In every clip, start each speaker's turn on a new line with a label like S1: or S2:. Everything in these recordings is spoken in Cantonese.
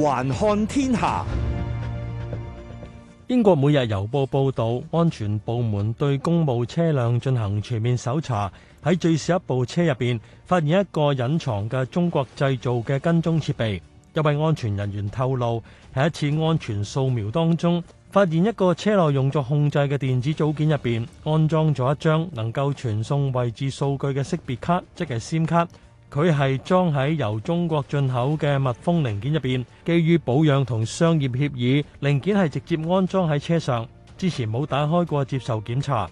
S1: 環看天下。英國每日郵報報道，安全部門對公務車輛進行全面搜查，喺最少一部車入邊發現一個隱藏嘅中國製造嘅跟蹤設備。一位安全人員透露，喺一次安全掃描當中，發現一個車內用作控制嘅電子組件入邊安裝咗一張能夠傳送位置數據嘅識別卡，即係 SIM 卡。佢係裝喺由中國進口嘅密封零件入邊，基於保養同商業協議，零件係直接安裝喺車上，之前冇打開過接受檢查。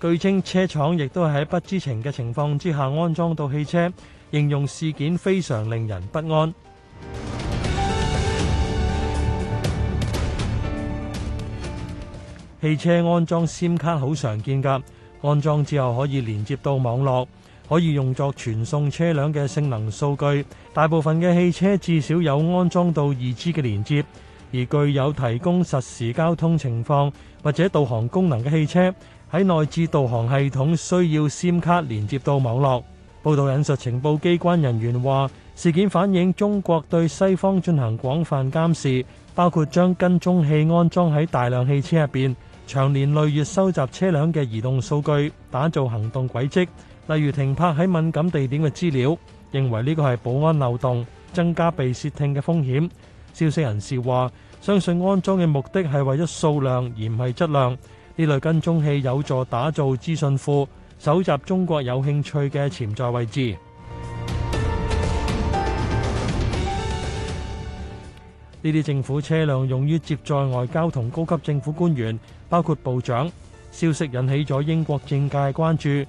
S1: 據稱車廠亦都係喺不知情嘅情況之下安裝到汽車，形容事件非常令人不安。 汽車安裝 SIM 卡好常見噶，安裝之後可以連接到網絡。可以用作傳送車輛嘅性能數據，大部分嘅汽車至少有安裝到二 G 嘅連接，而具有提供實時交通情況或者導航功能嘅汽車喺內置導航系統需要 SIM 卡連接到網絡。報道引述情報機關人員話，事件反映中國對西方進行廣泛監視，包括將跟蹤器安裝喺大量汽車入邊，長年累月收集車輛嘅移動數據，打造行動軌跡。例如停泊喺敏感地點嘅資料，認為呢個係保安漏洞，增加被竊聽嘅風險。消息人士話，相信安裝嘅目的係為咗數量而唔係質量。呢類跟蹤器有助打造資訊庫，搜集中國有興趣嘅潛在位置。呢啲政府車輛用於接載外交同高級政府官員，包括部長。消息引起咗英國政界關注。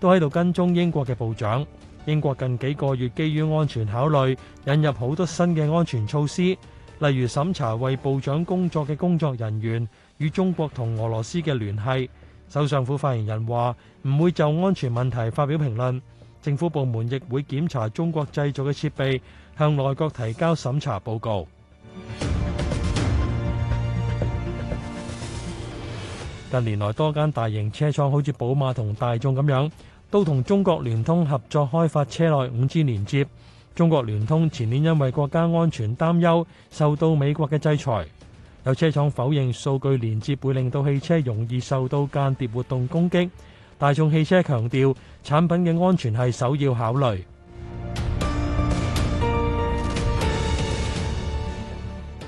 S1: 都喺度跟蹤英國嘅部長。英國近幾個月基於安全考慮，引入好多新嘅安全措施，例如審查為部長工作嘅工作人員與中國同俄羅斯嘅聯繫。首相府發言人話：唔會就安全問題發表評論。政府部門亦會檢查中國製造嘅設備，向內閣提交審查報告。近年來多間大型車廠好似寶馬同大眾咁樣，都同中國聯通合作開發車內五 G 連接。中國聯通前年因為國家安全擔憂受到美國嘅制裁，有車廠否認數據連接會令到汽車容易受到間諜活動攻擊。大眾汽車強調產品嘅安全係首要考慮。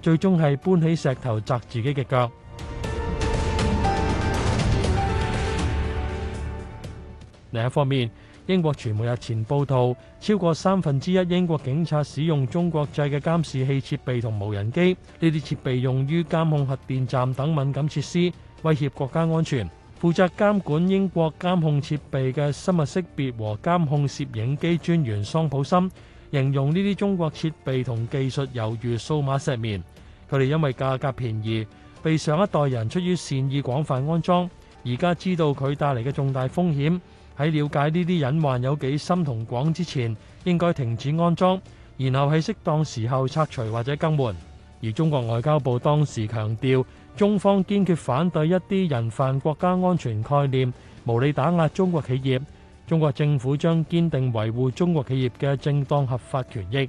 S1: 最終係搬起石頭砸自己嘅腳。另一方面，英國傳媒日前報道，超過三分之一英國警察使用中國製嘅監視器設備同無人機，呢啲設備用於監控核電站等敏感設施，威脅國家安全。負責監管英國監控設備嘅生物識別和監控攝影機專員桑普森，形容呢啲中國設備同技術猶如數碼石棉，佢哋因為價格便宜，被上一代人出於善意廣泛安裝，而家知道佢帶嚟嘅重大風險，喺了解呢啲隱患有幾深同廣之前，應該停止安裝，然後喺適當時候拆除或者更換，而中國外交部當時強調，中方堅決反對一啲人泛國家安全概念，無理打壓中國企業。中國政府將堅定維護中國企業嘅正當合法權益。